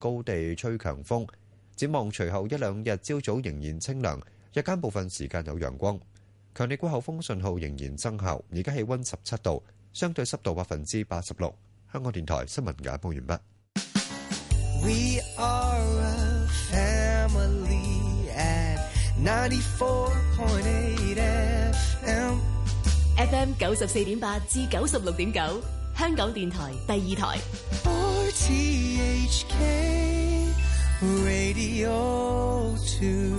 高地吹強風，展望隨後一兩日朝早仍然清涼，日間部分時間有陽光。強烈季候風信號仍然生效。而家氣溫十七度，相對濕度百分之八十六。香港電台新聞簡報完畢。F M 九十四點八至九十六點九，香港電台第二台。THK Radio Two.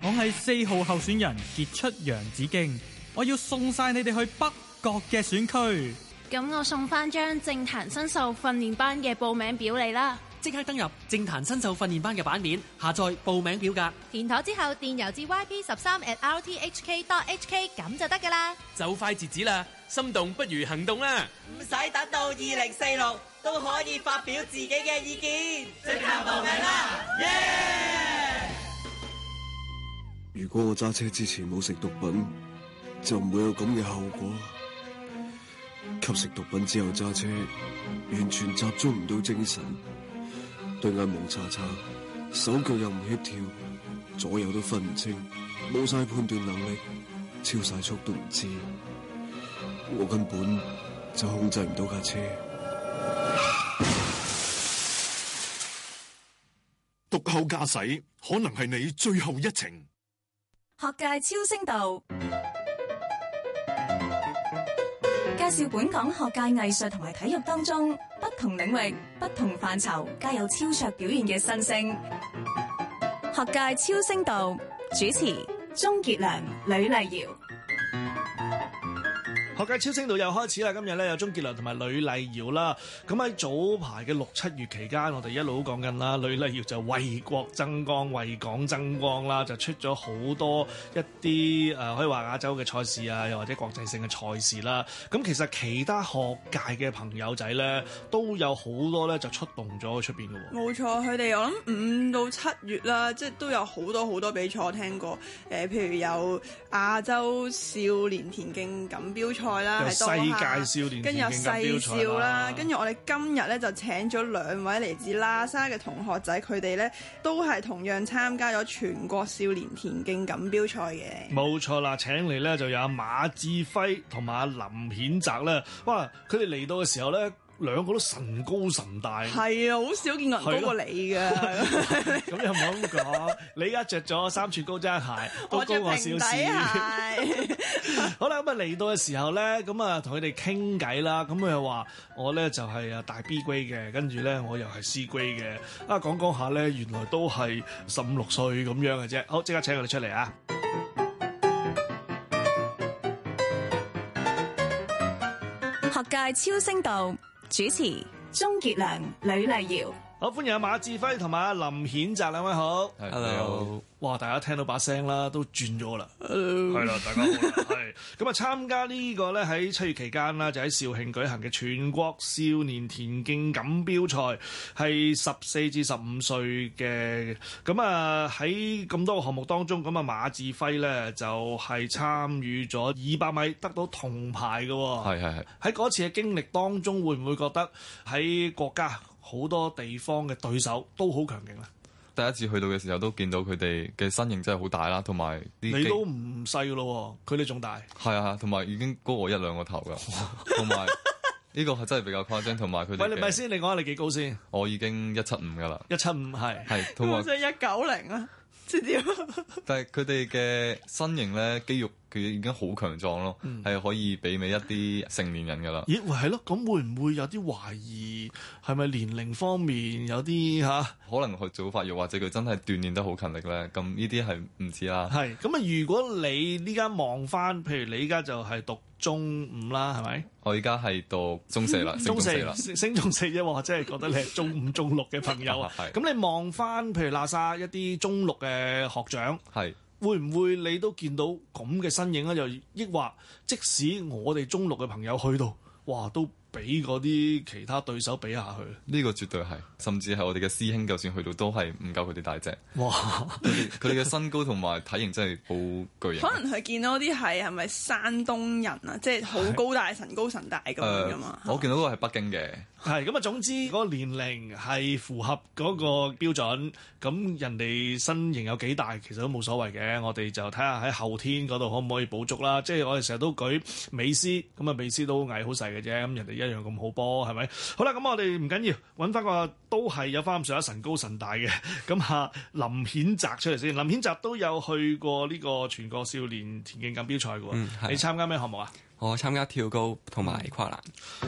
我係四號候選人傑出楊子敬。我要送晒你哋去北角嘅選區。咁我送返張政壇新秀訓練班嘅報名表嚟啦。即刻登入政壇新秀訓練班嘅版面，下載報名表格，填妥之後電郵至 yp 十三 at rthk.hk，咁就得噶啦。就快截止啦，心動不如行動啦！唔使等到二零四六都可以發表自己嘅意見，即刻報名啦！耶、yeah!！如果我揸車之前冇食毒品，就唔會有咁嘅後果。吸食毒品之後揸車，完全集中唔到精神。對眼蒙查查，手腳又唔協調，左右都分唔清，冇晒判斷能力，超晒速都唔知，我根本就控制唔到架車。毒後駕駛可能係你最後一程。學界超聲道。介紹本港學界藝術同埋體育當中不同領域、不同範疇皆有超卓表現嘅新星，學界超星道主持鍾傑良、呂麗瑤。學界超聲道又開始啦！今日咧有鍾傑良同埋呂麗瑤啦。咁喺早排嘅六七月期間，我哋一路講緊啦。呂麗瑤就為國增光、為港增光啦，就出咗好多一啲誒、呃、可以話亞洲嘅賽事啊，又或者國際性嘅賽事啦。咁、嗯、其實其他學界嘅朋友仔咧都有好多咧就出動咗出邊嘅喎。冇錯，佢哋我諗五到七月啦，即係都有好多好多比賽聽過。誒、呃，譬如有亞洲少年田徑錦，錦標賽。 又世界少年跟住有世少啦，跟住我哋今日咧就請咗兩位嚟自喇沙嘅同學仔，佢哋咧都係同樣參加咗全國少年田徑錦標賽嘅。冇錯啦，請嚟咧就有馬志輝同埋阿林衍澤啦。哇！佢哋嚟到嘅時候咧。兩個都神高神大，係啊！好少見有人高過你嘅。咁又唔係咁講。你而家着咗三寸高踭鞋，都高過少少。 好啦，咁啊嚟到嘅時候咧，咁啊同佢哋傾偈啦。咁佢又話：我咧就係啊大 B grade 嘅，跟住咧我又係 C grade 嘅。啊，講講下咧，原來都係十五六歲咁樣嘅啫。好，即刻請佢哋出嚟啊！學界超聲道主持：鍾傑良、呂麗瑤。好，歡迎阿馬志輝同埋阿林衍澤兩位好。Hello，哇！大家聽到把聲啦，都轉咗啦。Hello，係啦，大家好。係咁啊，參加呢個咧喺七月期間啦，就喺肇慶舉行嘅全國少年田徑錦標賽，係十四至十五歲嘅。咁啊喺咁多個項目當中，咁啊馬志輝咧就係參與咗二百米得到銅牌嘅。係係係。喺嗰次嘅經歷當中，會唔會覺得喺國家？好多地方嘅對手都好強勁啦！第一次去到嘅時候都見到佢哋嘅身形真係好大啦，同埋你都唔細咯，佢哋仲大。係啊，同埋已經高我一兩個頭噶，同埋呢個係真係比較誇張，同埋佢哋。喂，你咪先，你講下你幾高先？我已經一七五噶啦，一七五係係，同埋我想一九零啊，知點？ 但係佢哋嘅身形咧，肌肉。佢已經好強壯咯，係可以媲美一啲成年人噶啦。咦，係咯，咁會唔會有啲懷疑係咪年齡方面有啲嚇？可能佢早發育，或者佢真係鍛鍊得好勤力咧。咁呢啲係唔知啦。係咁啊！如果你依家望翻，譬如你依家就係讀中五啦，係咪？我依家係讀中四啦，中四升中四啫喎，或者係覺得你係中五中六嘅朋友。咁你望翻，譬如喇沙一啲中六嘅學長係。會唔會你都見到咁嘅身影咧、啊？又抑或即使我哋中六嘅朋友去到，哇都～俾嗰啲其他對手比下去，呢個絕對係，甚至係我哋嘅師兄，就算去到都係唔夠佢哋大隻。哇！佢哋嘅身高同埋體型真係好巨型。可能佢見到啲係係咪山東人啊？是即係好高大神高神大咁樣噶嘛？呃、嗎我見到個係北京嘅，係咁啊。總之嗰個年齡係符合嗰個標準，咁人哋身形有幾大其實都冇所謂嘅。我哋就睇下喺後天嗰度可唔可以補足啦。即係我哋成日都舉美斯，咁啊美斯都矮好細嘅啫，咁人哋，一樣咁好波，係咪？好啦，咁我哋唔緊要，揾翻個都係有翻咁上下神高神大嘅，咁啊林衍澤出嚟先。林衍澤都有去過呢個全國少年田徑錦標賽嘅喎，嗯、你參加咩項目啊？我參加跳高同埋跨欄，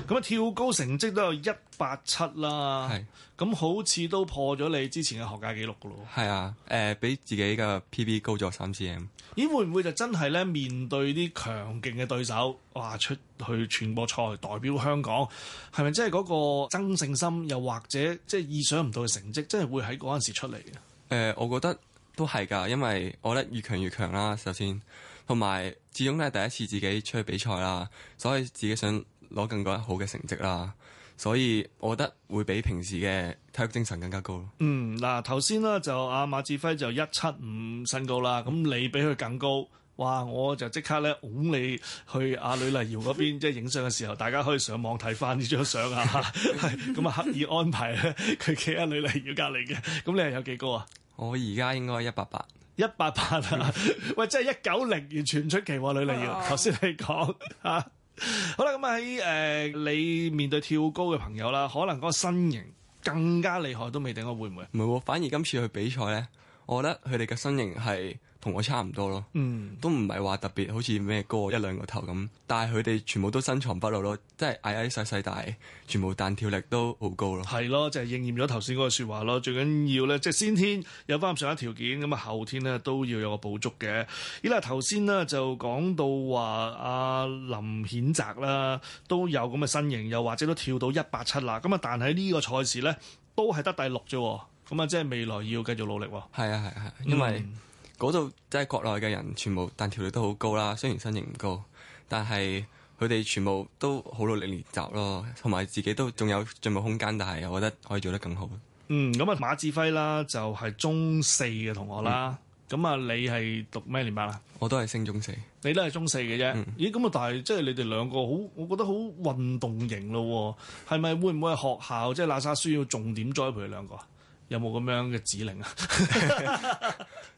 咁啊跳高成績都有一八七啦，咁是好似都破咗你之前嘅學界紀錄咯。係啊，誒、呃，比自己嘅 P. B. 高咗三公分。咦，會唔會就真係咧面對啲強勁嘅對手，哇，出去全國賽代表香港，係咪真係嗰個爭勝心，又或者即係意想唔到嘅成績真，真係會喺嗰陣時出嚟嘅？誒，我覺得都係㗎，因為我覺得越強越強啦，首先。同埋，始終咧第一次自己出去比賽啦，所以自己想攞更加好嘅成績啦，所以我覺得會比平時嘅體育精神更加高咯。嗯，嗱頭先咧就阿、啊、馬志輝就一七五身高啦，咁你比佢更高，哇！我就即刻咧拱你去阿、啊、呂麗瑤嗰邊， 即係影相嘅時候，大家可以上網睇翻呢張相啊，咁啊 刻意安排佢企阿呂麗瑤隔離嘅，咁你又有幾高啊？我而家應該一百八。一八八啊，8, 喂，即係一九零，完全唔出奇喎、啊。呂麗瑤，頭先你講吓，啊、 好啦，咁喺誒，你面對跳高嘅朋友啦，可能嗰個身形更加厲害，都未定我會唔會唔係、啊，反而今次去比賽咧，我覺得佢哋嘅身形係，同我差唔多咯，嗯、都唔係話特別好似咩高，一兩個頭咁，但係佢哋全部都身藏不露咯，即係矮矮細細，但係全部彈跳力都好高咯。係咯，就係、是、應驗咗頭先嗰個説話咯。最緊要咧，即係先天有翻上一條件，咁啊後天咧都要有個補足嘅。咦，家頭先咧就講到話阿林衍澤啦，都有咁嘅身形，又或者都跳到一百七啦，咁啊但係呢個賽事咧都係得第六啫，咁啊即係未來要繼續努力喎。係啊係係，因為、嗯。嗰度即係國內嘅人，全部但條例都好高啦。雖然身形唔高，但係佢哋全部都好努力練習咯，同埋自己都仲有進步空間。但係我覺得可以做得更好。嗯，咁啊馬志輝啦，就係中四嘅同學啦。咁啊、嗯，你係讀咩年班啊？我都係升中四。你都係中四嘅啫。嗯、咦，咁啊，但係即係你哋兩個好，我覺得好運動型咯。係咪會唔會學校即係、就係、喇沙需要重點栽培你兩個？有冇咁樣嘅指令啊？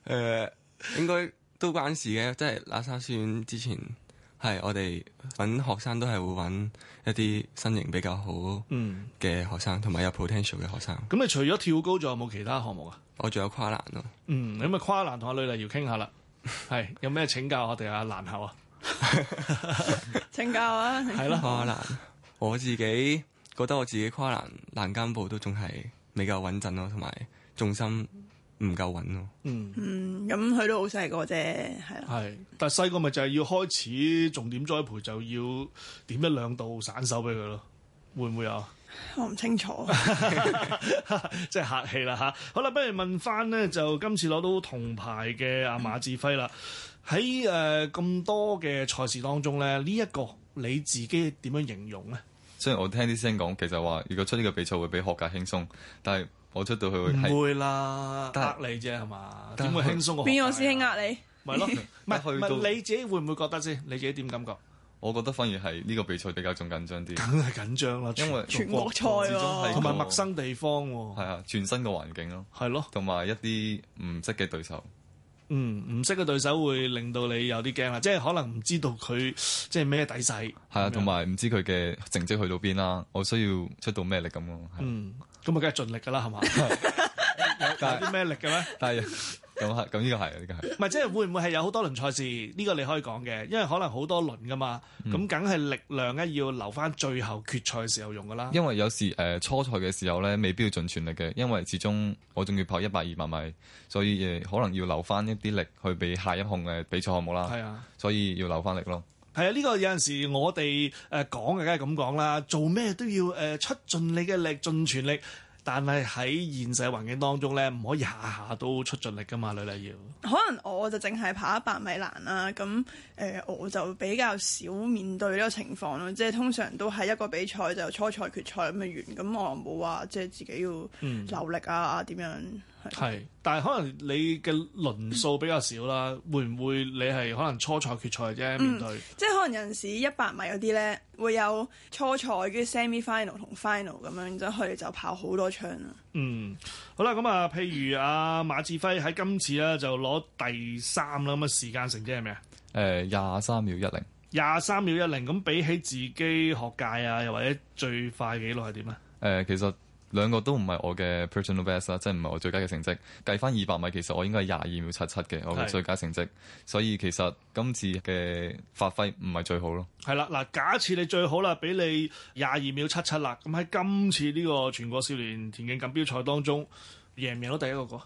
誒，應該都關事嘅。即係喇沙書院之前，係我哋揾學生都係會揾一啲身形比較好嘅學生，同埋有 potential 嘅學生。咁你，除咗跳高，仲有冇其他項目啊？我仲有跨欄咯。嗯，咁啊，跨欄同阿呂麗瑤傾下啦。係，有咩請教我哋阿欄后啊？請教啊！係咯，跨欄，我自己覺得我自己跨欄欄間步都仲係。未夠穩陣咯，同埋重心唔夠穩咯。嗯，咁佢都好細個啫，係啊。係，但係細個咪就係要開始重點栽培，就要點一兩度散手俾佢咯。會唔會啊？我唔清楚，即係 客氣啦嚇。好啦，不如問翻咧，就今次攞到銅牌嘅阿馬志輝啦。喺誒咁多嘅賽事當中咧，呢、這、一個你自己點樣形容咧？雖然我聽啲師兄講，其實話如果出呢個比賽會比學界輕鬆，但係我出到去會唔會啦？呃你啫係嘛？點會輕鬆啊？邊個師兄呃你？咪咯？唔去到你自己會唔會覺得先？你自己點感覺？我覺得反而係呢個比賽比較仲緊張啲，梗係緊張啦！因為全國賽啊，同埋陌生地方喎。係啊，全新嘅環境咯。係咯，同埋一啲唔識嘅對手。嗯，唔識嘅對手會令到你有啲驚啦，即係可能唔知道佢即係咩底細，係啊，同埋唔知佢嘅成績去到邊啦，我需要出到咩力咁咯，嗯，咁啊梗係盡力㗎喇，係嘛 吧。 帶啲咩力嘅咩？係咁係咁呢個係呢個係，唔係即係會唔會係有好多輪賽事？呢個你可以講嘅，因為可能好多輪噶嘛，咁梗係力量咧要留翻最後決賽嘅時候用噶啦。因為有時誒、呃、初賽嘅時候咧，未必要盡全力嘅，因為始終我仲要跑一百二百米，所以誒、呃、可能要留翻一啲力去俾下一項嘅比賽項目啦。係啊，所以要留翻力咯。係啊，呢個有陣時我哋誒講嘅梗係咁講啦，做咩都要誒出盡你嘅力，盡全力。但係喺現實環境當中呢，唔可以下下都出盡力㗎嘛，呂麗瑤。可能我就淨係跑一百米欄啦，咁誒、呃、我就比較少面對呢個情況咯。即係通常都係一個比賽就初賽決賽咁樣完，咁我又冇話即係自己要留力啊點、嗯啊、樣。係，但係可能你嘅輪數比較少啦，嗯、會唔會你係可能初賽決賽啫？嗯、面對、嗯、即係可能有陣時一百米嗰啲咧，會有初賽嘅 Semi Final 同 Final 咁樣，即係佢哋就跑好多槍啦。嗯，好啦，咁啊，譬如阿馬志輝喺今次咧就攞第三啦，咁啊時間成績係咩啊？誒、呃，廿三秒一零，廿三秒一零。咁比起自己學界啊，又或者最快紀錄係點啊？誒、呃，其實。兩個都唔係我嘅 personal best 啦，即係唔係我最佳嘅成績。計翻二百米，其實我應該係廿二秒七七嘅，我嘅最佳成績。是所以其實今次嘅發揮唔係最好咯。係啦，嗱，假設你最好啦，俾你廿二秒七七啦，咁喺今次呢個全國少年田徑錦標賽當中，贏唔贏到第一個？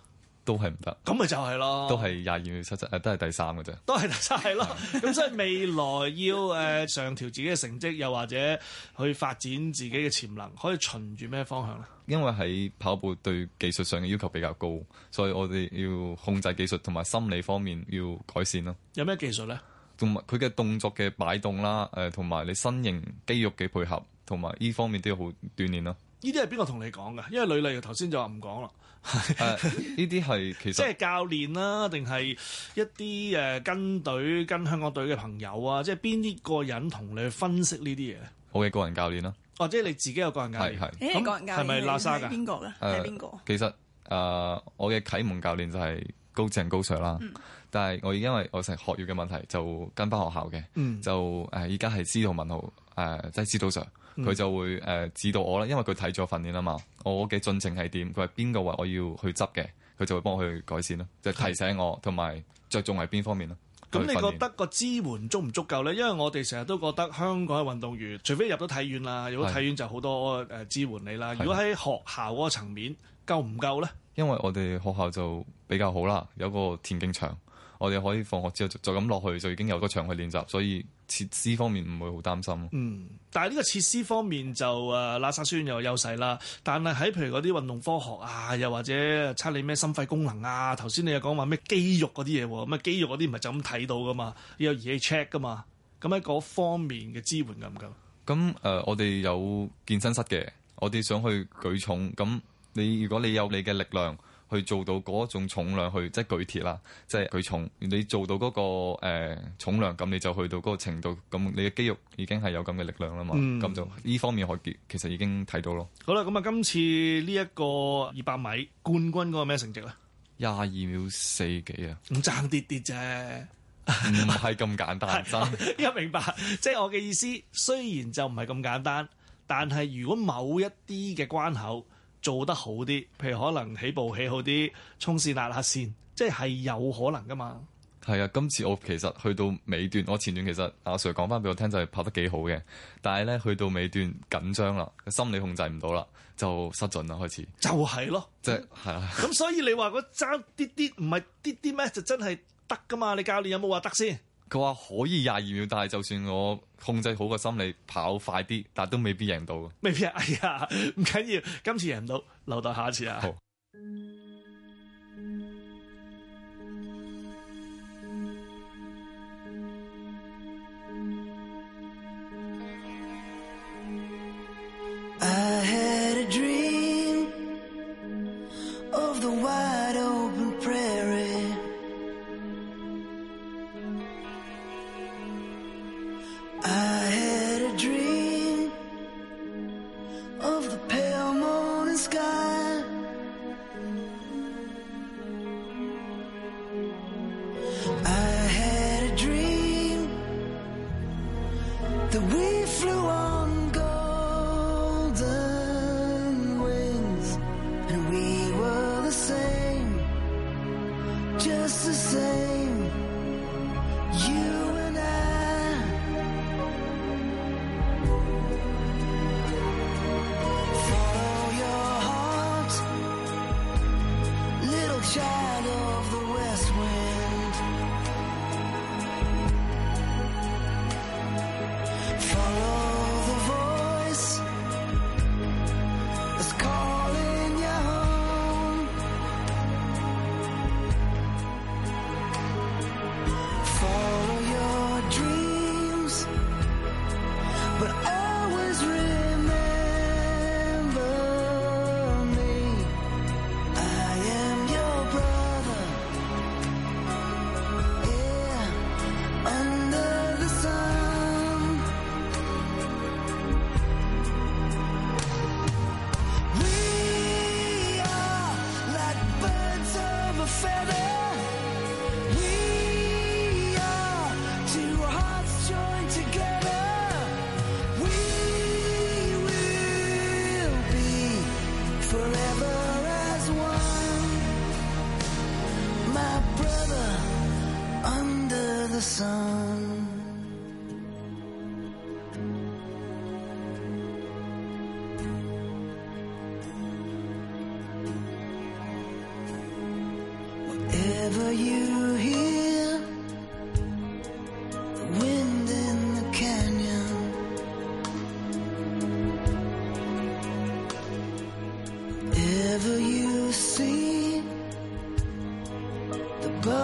都係唔得，咁咪就係咯、啊，都係廿二與七七，誒都係第三嘅啫，都係第三係咯。咁 所以未來要誒、呃、上調自己嘅成績，又或者去發展自己嘅潛能，可以循住咩方向咧？因為喺跑步對技術上嘅要求比較高，所以我哋要控制技術同埋心理方面要改善咯。有咩技術咧？同埋佢嘅動作嘅擺動啦，誒同埋你身形肌肉嘅配合，同埋呢方面都要好鍛鍊咯。呢啲係邊個同你講噶？因為呂麗頭先就話唔講啦。呢啲係其實即係教練啦、啊，定係一啲誒跟隊跟香港隊嘅朋友啊？即係邊啲個人同你去分析呢啲嘢？好嘅，個人教練啦、啊。哦、啊，即係你自己有個人教練。係係咁，係咪喇沙噶？係邊個咧？邊個、呃？其實誒、呃，我嘅啟蒙教練就係高正高 Sir 啦、嗯。但係我因為我成學業嘅問題就跟翻學校嘅。嗯、就誒，依家係司徒文豪誒、呃，即係司徒 Sir。佢、嗯、就會誒指導我啦，因為佢睇咗訓練啊嘛，我嘅進程係點？佢係邊個位我要去執嘅？佢就會幫我去改善咯，就係、提醒我，同埋着重係邊方面咯。咁、嗯、你覺得個支援足唔足夠咧？因為我哋成日都覺得香港嘅運動員，除非入到體院啦，入到體院就好多誒的、呃、支援你啦。的如果喺學校嗰個層面夠唔夠咧？因為我哋學校就比較好啦，有個田徑場，我哋可以放學之後就咁落去，就已經有個場去練習，所以，設施方面唔會好擔心咯。嗯，但係呢個設施方面就誒、啊，喇沙雖然有優勢啦。但係喺譬如嗰啲運動科學啊，又或者測你咩心肺功能啊，頭先你又講話咩肌肉嗰啲嘢喎，咁啊肌肉嗰啲唔係就咁睇到噶嘛，要有儀器 check 噶嘛。咁喺嗰方面嘅支援夠唔夠？咁誒、嗯呃，我哋有健身室嘅，我哋想去舉重，咁你如果你有你嘅力量。去做到嗰種重量，去即係舉鐵啦，即係舉重。你做到嗰、嗰個、呃、重量，咁你就去到嗰個程度，咁你嘅肌肉已經係有咁嘅力量啦嘛。咁、嗯、就呢方面可結，其實已經睇到咯。好啦，咁啊，今次呢一個二百米冠軍嗰個咩成績咧？廿二秒四幾啊？唔爭啲啲啫，唔係咁簡單真。一 對 明白，即、就、係、是、我嘅意思。雖然就唔係咁簡單，但係如果某一啲嘅關口。做得好啲，譬如可能起步起好啲，衝線壓壓線，即係係有可能噶嘛。係啊，今次我其實去到尾段，我前段其實阿 Sir 講翻俾我聽就係跑得幾好嘅，但係咧去到尾段緊張啦，心理控制唔到啦，就失準啦開始。就係咯，即係係啦。咁、嗯、的所以你話嗰爭啲啲唔係啲啲咩？就真係得噶嘛？你教練有冇話得先？佢話可以廿二秒，但係就算我控制好個心理跑快啲，但都未必贏到。未必啊，哎呀，唔緊要，今次贏唔到，留到下次啊。好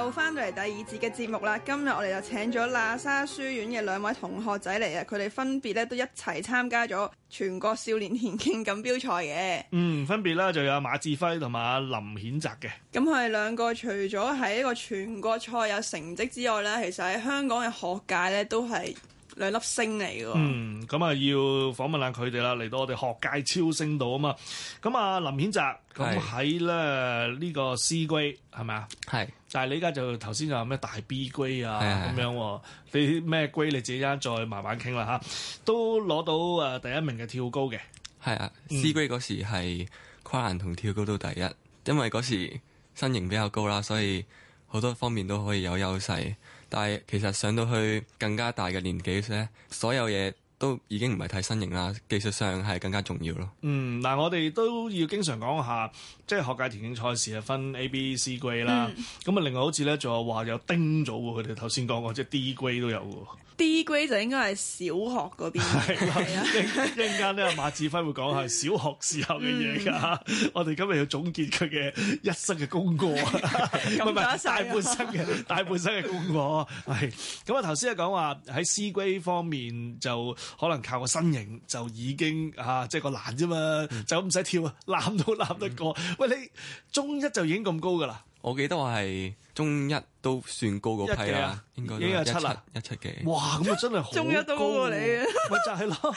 又翻到嚟第二節嘅節目啦，今日我哋就請咗喇沙書院嘅兩位同學仔嚟啊，佢哋分別咧都一齊參加咗全國少年田徑錦標賽嘅。嗯，分別啦，就有馬志輝同埋林衍澤嘅。咁佢哋兩個除咗喺呢個全國賽有成績之外咧，其實喺香港嘅學界咧都係。兩粒星嚟嘅，嗯，咁啊要訪問下佢哋啦，嚟到我哋學界超星度啊嘛，咁啊林衍澤，咁喺咧呢、呢個 C 級係咪啊？係，但係你而家就頭先有咩大 B 級啊咁樣，你咩級你自己而家再慢慢傾啦嚇，都攞到啊第一名嘅跳高嘅，係啊、嗯、C 級嗰時係跨欄同跳高都第一，因為嗰時身形比較高啦，所以好多方面都可以有優勢。但係其實上到去更加大嘅年紀咧，所有嘢都已經唔係太身型啦，技術上係更加重要咯。嗯，嗱我哋都要經常講下，即係學界田徑賽事係分 A、嗯、B、C grade 啦。咁啊，另外好似咧仲有話有丁組喎，佢哋頭先講過，即係 D grade 都有喎。D grade 就應該係小學嗰邊，係啊的！一陣間咧，馬志輝會講係小學時候嘅嘢噶，嗯、 我哋今日要總結佢嘅一生嘅功過，唔係大半生嘅大半生嘅功過係。咁啊， 頭先係講話喺 C grade 方面就可能靠個身形，就已經啊，即、就、係、是、個欄啫嘛，嗯、就唔使跳啊，攬都攬得過。嗯、喂，你中一就已經咁高噶啦。我記得我係中一都算高嗰批啦，應該都一七啦，一七幾。哇，咁啊真係好中一都高過你，咪就係咯。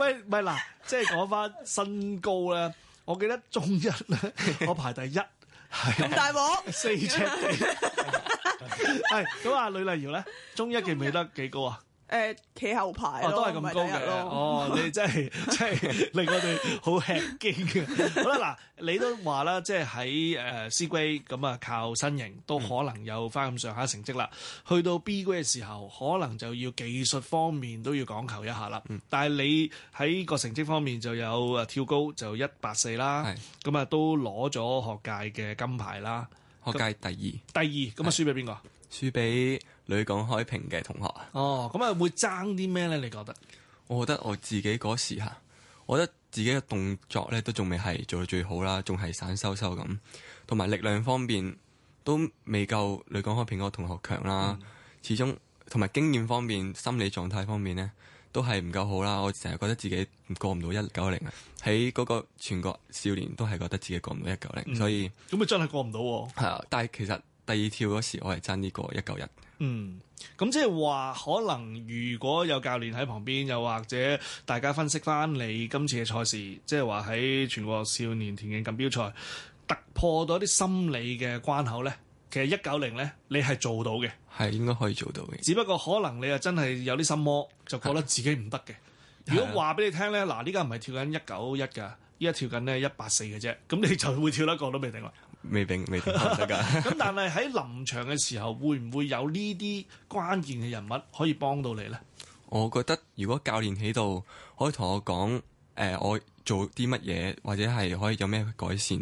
喂，唔係嗱，即係講翻身高咧，我記得中一咧我排第一，係咁大鑊，四尺幾。係咁啊，呂麗瑤咧，中一記唔記得幾高啊？誒企、呃、後排、哦、都唔係第一咯。哦， 你真係真係令我哋好吃驚。 好啦，嗱，你都話啦，即係喺誒 C 區咁啊，靠身型都可能有翻咁上下成績啦。嗯、去到 B 區嘅時候，可能就要技術方面都要講求一下啦。嗯、但係你喺個成績方面就有誒跳高就一百四啦。係。咁啊，都攞咗學界嘅金牌啦，是學界第二。第二，咁啊，輸俾邊個？輸俾女港開平嘅同學啊，哦，咁啊會爭啲咩呢？你覺得？我覺得我自己嗰時吓，我覺得自己嘅動作咧都仲未係做到最好啦，仲係散修修咁，同埋力量方面都未夠女港開平嗰個同學強啦。嗯、始終同埋經驗方面、心理狀態方面呢，都係唔夠好啦。我成日覺得自己過唔到一九零，喺嗰個全國少年都係覺得自己過唔到一九零，所以咁、嗯、啊，真係過唔到係啊。但係其實第二跳嗰時，我係爭呢個一九一。嗯，咁即係話可能如果有教練喺旁邊，又或者大家分析返你今次嘅賽事，即係話喺全國少年田徑錦標賽突破到一啲心理嘅關口呢。其實一九零呢，你係做到嘅，係應該可以做到嘅。只不過可能你又真係有啲心魔，就覺得自己唔得嘅。係嘅。如果話俾你聽呢，嗱，呢家唔係跳緊一九一㗎，依家跳緊呢一八四嘅啫，咁你就會跳得過都未定啦。未定，未定得噶。咁但係喺臨場嘅時候，會唔會有呢啲關鍵嘅人物可以幫到你咧？我覺得如果教練喺度，可以同我講，誒、呃，我做啲乜嘢，或者係可以有咩改善，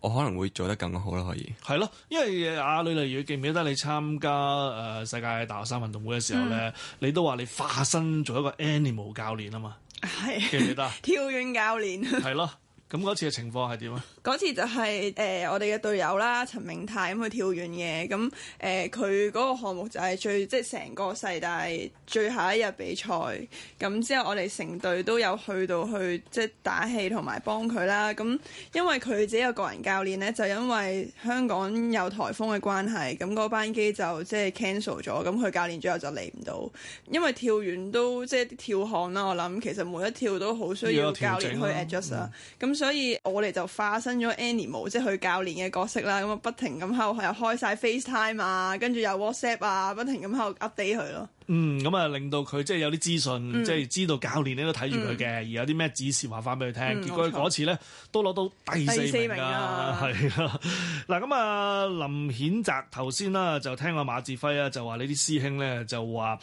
我可能會做得更好咯。可以係咯，因為阿呂，例、呃、如、呃呃呃、記唔記得你參加誒、呃、世界大學生運動會嘅時候咧，嗯、你都話你化身做一個 animal 教練啊嘛，嗯、記唔記得？ 跳遠教練係咯。 咁嗰次嘅情況係點啊？嗰次就係、是、誒、呃、我哋嘅隊友啦，陳明泰咁去跳遠嘅，咁誒佢嗰個項目就係最即係成個世大最後一日比賽。咁、嗯、之後我哋成隊都有去到去即係、就是、打氣同埋幫佢啦。咁、嗯、因為佢自己有個人教練呢，就因為香港有颱風嘅關係，咁、嗯、嗰班機就即係 cancel 咗，咁、就、佢、是嗯、教練最後就嚟唔到。因為跳遠都即係、就是、跳項啦，我諗其實每一跳都好需要教練去 adjust 咁所以我哋就化身咗 animal 即係佢教練嘅角色啦。咁啊，不停咁喺度又開曬 FaceTime 啊，跟住又 WhatsApp 啊，不停咁喺度 update 佢咯。嗯，咁啊，令到佢即係有啲資訊，嗯、即係知道教練你都睇住佢嘅，嗯、而有啲咩指示話翻俾佢聽。嗯、結果佢嗰次咧、嗯、都攞到第四名啊，係嗱、啊，咁啊，啊，林衍澤頭先啦，就聽阿馬志輝啊，就話呢啲師兄咧就話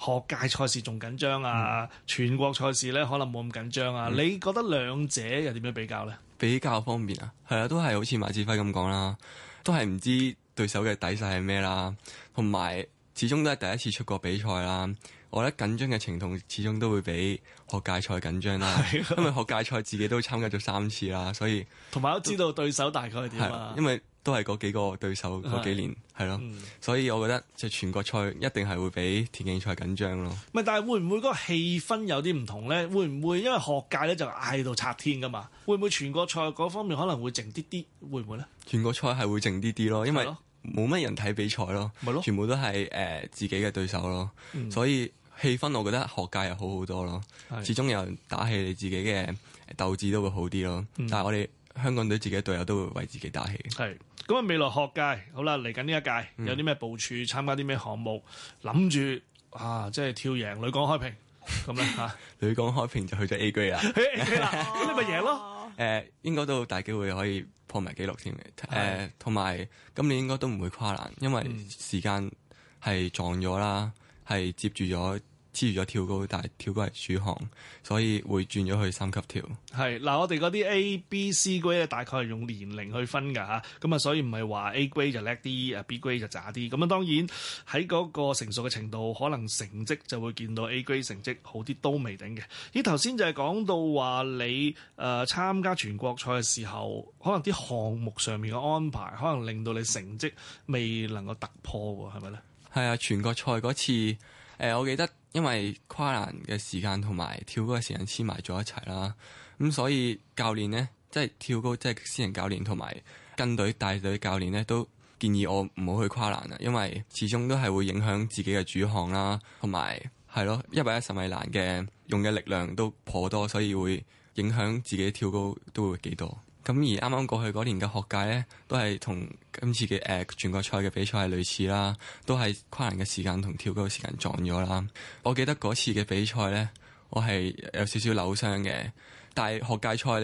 學界賽事仲緊張啊，嗯、全國賽事咧可能冇咁緊張啊。嗯、你覺得兩者又點樣比較咧？比較方面啊，係啊，都係好似馬志輝咁講啦，都係唔知對手嘅底細係咩啦，同埋。始終都係第一次出國比賽啦，我覺得緊張嘅情況，始終都會比學界賽緊張啦，是的 因為學界賽自己都參加咗三次啦，所以同埋都知道對手大概係點啊。因為都係嗰幾個對手嗰幾年係咯，所以我覺得就全國賽一定係會比田徑賽緊張咯。嗯嗯、但係會唔會嗰個氣氛有啲唔同呢？會唔會因為學界咧就嗌到拆天噶嘛？會唔會全國賽嗰方面可能會靜啲啲？會唔會呢？全國賽係會靜啲啲咯，因為。冇乜人睇比賽咯，的全部都係誒、呃、自己嘅對手咯，嗯、所以氣氛我覺得學界又好好多咯。的始終有人打氣，你自己嘅鬥志都會好啲咯。嗯、但係我哋香港隊自己嘅隊友都會為自己打氣。係咁啊，嗯、未來學界好啦，嚟緊呢一屆有啲咩部署，參加啲咩項目，諗住啊，即係跳贏女港開平咁樣吓。女 港開平就去咗 A 區啊，咁、 哎、你咪贏咯。誒、 嗯，應該都大機會可以。破埋記錄添，誒，同、呃、埋是的 今年應該都唔會跨欄，因為時間係撞咗啦，係、嗯、接住咗。黐住咗跳高，但係跳高係主項，所以會轉咗去三級跳。係嗱、啊，我哋嗰啲 A、B、C grade 咧，大概係用年齡去分㗎嚇。咁啊，所以唔係話 A grade 就叻啲，啊 B grade 就渣啲。咁啊，當然喺嗰個成熟嘅程度，可能成績就會見到 A grade 成績好啲，都未定嘅。咦，頭先就係講到話你誒、呃、參加全國賽嘅時候，可能啲項目上面嘅安排，可能令到你成績未能夠突破喎，係咪咧？係啊，全國賽嗰次。誒、呃，我記得因為跨欄嘅時間同埋跳高嘅時間黐埋咗一齊啦，咁所以教練呢，即係跳高即係私人教練同埋跟隊帶隊教練呢，都建議我唔好去跨欄啊，因為始終都係會影響自己嘅主項啦，同埋係咯，一百一十米欄嘅用嘅力量都頗多，所以會影響自己跳高都會幾多。咁而啱啱過去嗰年嘅學界咧，都係同今次嘅誒、呃、全國賽嘅比賽係類似啦，都係跨欄嘅時間同跳高嘅時間撞咗啦。我記得嗰次嘅比賽咧，我係有少少扭傷嘅，但係學界賽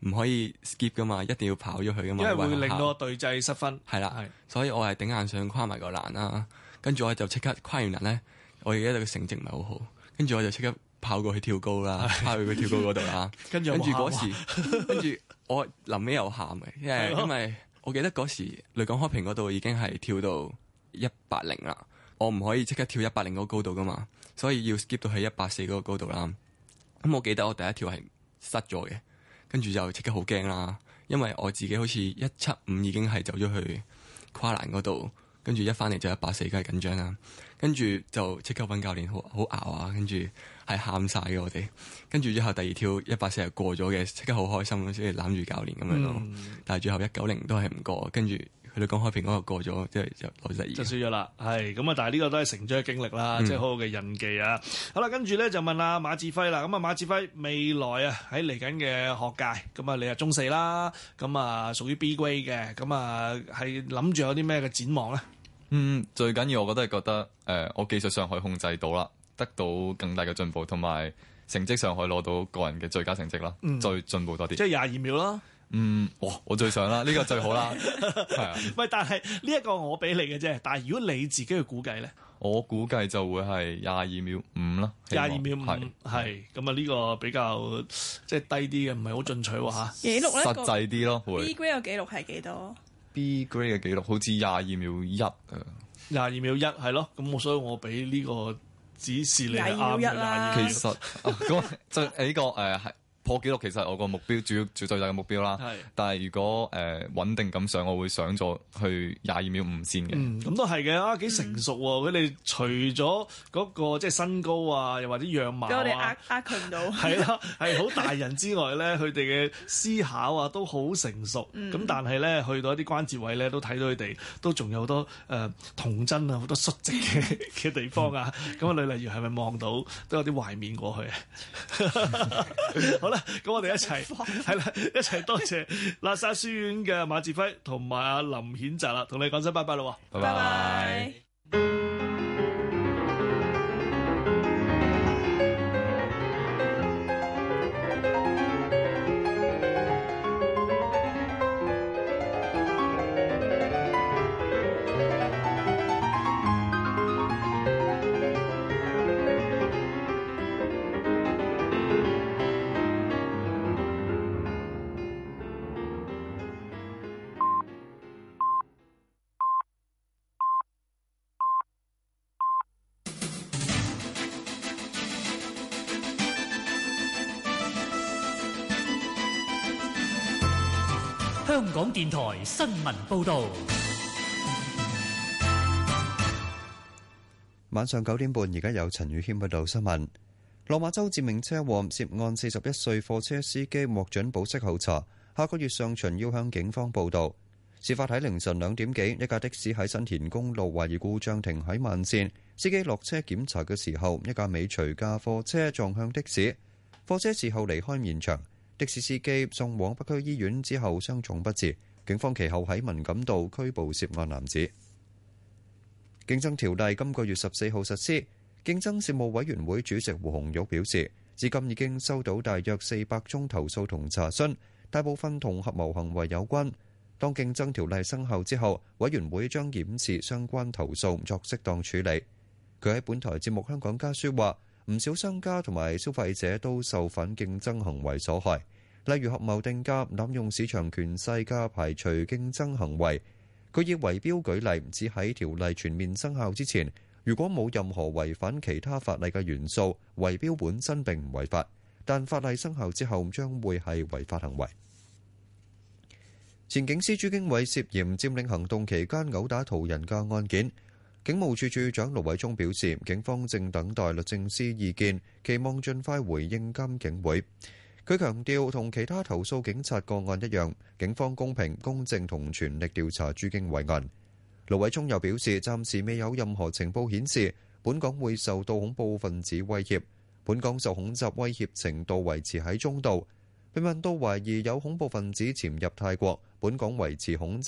你唔可以 skip 噶嘛，一定要跑咗去噶嘛。因為會令到隊制失分。係啦、嗯，所以我係頂硬上跨埋個欄啦，跟住我就即刻跨完欄咧，我而家嘅成績唔係好好，跟住我就即刻跑過去跳高啦，跨 去佢跳高嗰度啦， 跟住嗰時跟住。 我臨尾又喊嘅，因為因為我記得嗰時雷港開屏嗰度已經係跳到一百八啦，我唔可以即刻跳一百八嗰個高度噶嘛，所以要 skip 到喺一百八四嗰個高度啦。咁我記得我第一跳係失咗嘅，跟住就即刻好驚啦，因為我自己好似一七五已經係走咗去跨欄嗰度。跟住一翻嚟就一百四，梗係緊張啦。跟住就即刻揾教練，好好熬啊。跟住係喊晒嘅我哋。跟住之後第二跳一百四又過咗嘅，即刻好開心咯，即係攬住教練咁樣咯。但係最後一九零都係唔過。跟住佢哋講開平嗰個過咗，即係就攞咗第二。就輸咗啦，係咁啊！但係呢個都係成長嘅經歷啦，嗯、即係好好嘅印記啊。好啦，跟住咧就問阿馬志輝啦。咁啊，馬志輝未來啊喺嚟緊嘅學界，咁啊你係中四啦，咁啊屬於 B grade 嘅，咁啊係諗住有啲咩嘅展望咧？嗯，最緊要我覺得係覺得，誒、呃，我技術上可以控制到啦，得到更大嘅進步，同埋成績上可以攞到個人嘅最佳成績啦，嗯、再進步多啲，即係廿二秒啦。嗯，哇，我最想啦，呢、這個最好啦，係啊 是。喂、這個，但係呢一個我俾你嘅啫，但係如果你自己去估計咧，我估計就會係廿二秒五啦。廿二秒五係咁啊？呢個比較即係、就是、低啲嘅，唔係好進取喎吓。記錄咧實際啲咯，B grade 嘅記錄係幾多？B grade 嘅記錄好似廿二秒一啊，廿二秒一係咯，咁我所以我俾呢個指示你啱嘅，啦秒其實，咁、 啊、就呢、這個，誒、 呃，係。破紀錄其實我個目標主要最大嘅目標啦，是但係如果誒、呃、穩定咁上，我會上咗去廿二秒五線嘅，咁都係嘅啊幾成熟喎！佢哋、嗯、除咗嗰、那個即係身高啊，又或者樣貌啊，我哋壓壓佢唔到，係啦係好大人之外咧，佢哋嘅思考啊都好成熟，咁、嗯、但係咧去到一啲關節位咧，都睇到佢哋都仲有好多誒、呃、童真啊好多率直嘅嘅地方啊，咁啊、嗯，你例、嗯、如係咪望到都有啲懷緬過去啊？ 咁 我哋一齊係啦，一齊多謝喇沙書院嘅馬志輝同埋阿林衍澤啦，同你講聲拜拜啦，喎，拜拜。Bye. 台新聞報道，晚上九點半，而家有陳宇謙報道新聞。落馬洲致命車禍，涉案四十一歲貨車司機獲准保釋候查，下個月上旬要向警方報道。事發喺凌晨兩點幾，一架的士喺新田公路懷疑故障停喺慢綫，司機落車檢查嘅時候，一架尾隨架貨車撞向的士，貨車事後離開現場，的士司機送往北區醫院之後，傷重不治。警方其後喺敏感度拘捕涉案男子。競爭條例今個月十四號實施，競爭事務委員會主席胡紅玉表示，至今已經收到大約四百宗投訴同查詢，大部分同合謀行為有關。當競爭條例生效之後，委員會將檢視相關投訴，作適當處理。佢喺本台節目《香港家書》話，唔少商家同埋消費者都受反競爭行為所害。例如合謀定價、濫用市場權勢、加排除競爭行為，佢以圍標舉例。唔止喺條例全面生效之前，如果冇任何違反其他法例嘅元素，圍標本身並唔違法。但法例生效之後，將會係違法行為。前警司朱經緯涉嫌佔領行動期間毆打途人嘅案件，警務處處長盧偉聰表示，警方正等待律政司意見，期望盡快回應監警會。佢強調，強調同其他投訴警察個案一樣，警方公平、公正同全力調查朱經偉案。盧偉聰又表示，暫時未有任何情報顯示本港會受到恐怖分子威脅，本港受恐襲威脅程度維持喺中度。被問到懷疑有恐怖分子潛入泰國，本港維持恐